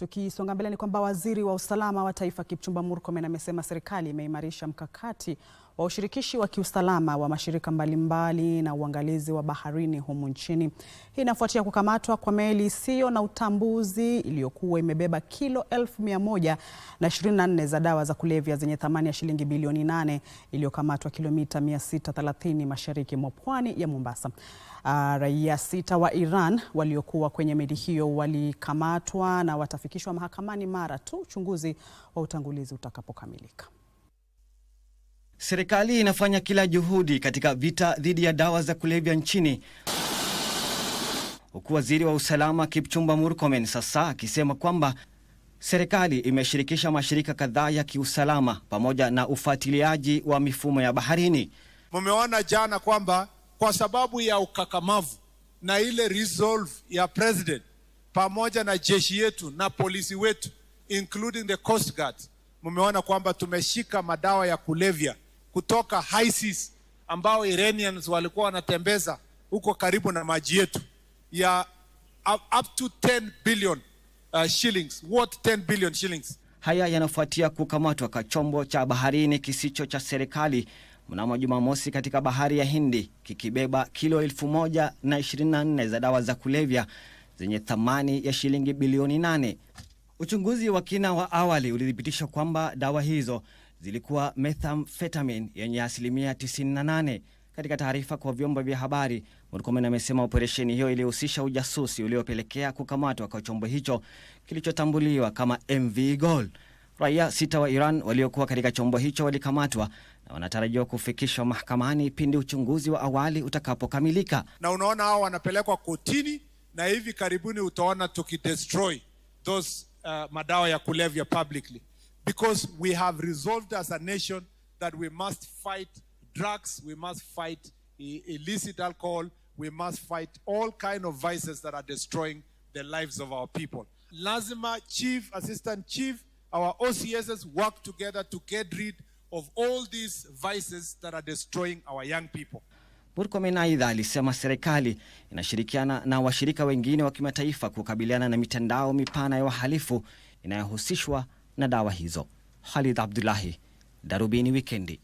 Tukisonga mbele ni kwamba waziri wa usalama wa taifa Kipchumba Murkomen amesema serikali imeimarisha mkakati wa ushirikishi wa kiusalama wa mashirika mbalimbali na uangalizi wa baharini humu nchini. Hii inafuatia kukamatwa kwa meli isiyo na utambuzi iliyokuwa imebeba kilo elfu mia moja na ishirini na nne za dawa za kulevya zenye thamani ya shilingi bilioni nane iliyokamatwa kilomita 630 mashariki mwa pwani ya Mombasa. Ah, raia sita wa Iran waliokuwa kwenye meli hiyo walikamatwa na watafikishwa mahakamani mara tu uchunguzi wa utangulizi utakapokamilika. Serikali inafanya kila juhudi katika vita dhidi ya dawa za kulevya nchini, huku waziri wa usalama Kipchumba Murkomen sasa akisema kwamba serikali imeshirikisha mashirika kadhaa ya kiusalama pamoja na ufuatiliaji wa mifumo ya baharini. Mumeona jana kwamba kwa sababu ya ukakamavu na ile resolve ya president pamoja na jeshi yetu na polisi wetu including the coast guard, mumeona kwamba tumeshika madawa ya kulevya kutoka Isis ambao Iranians walikuwa wanatembeza huko karibu na maji yetu ya up to 10 billion uh, shillings worth 10 billion shillings. Haya yanafuatia kukamatwa kwa chombo cha baharini kisicho cha serikali mnamo Jumamosi katika bahari ya Hindi kikibeba kilo 1024 na za dawa za kulevya zenye thamani ya shilingi bilioni nane. Uchunguzi wa kina wa awali ulithibitisha kwamba dawa hizo zilikuwa methamphetamine yenye asilimia 98. Katika taarifa kwa vyombo vya habari, Murkomen amesema operesheni hiyo ilihusisha ujasusi uliopelekea kukamatwa kwa chombo hicho kilichotambuliwa kama MV Gold. Raia sita wa Iran waliokuwa katika chombo hicho walikamatwa na wanatarajiwa kufikishwa mahakamani pindi uchunguzi wa awali utakapokamilika. Na unaona hao wanapelekwa kotini, na hivi karibuni utaona tukidestroy those uh, madawa ya kulevya publicly because we have resolved as a nation that we must fight drugs, we must fight illicit alcohol, we must fight all kind of vices that are destroying the lives of our people. Lazima chief, assistant chief, our OCSs work together to get rid of all these vices that are destroying our young people. Purkomen aidha alisema serikali inashirikiana na washirika wengine wa kimataifa kukabiliana na mitandao mipana ya wahalifu inayohusishwa na dawa hizo. Halid Abdullahi, Darubini Wikendi.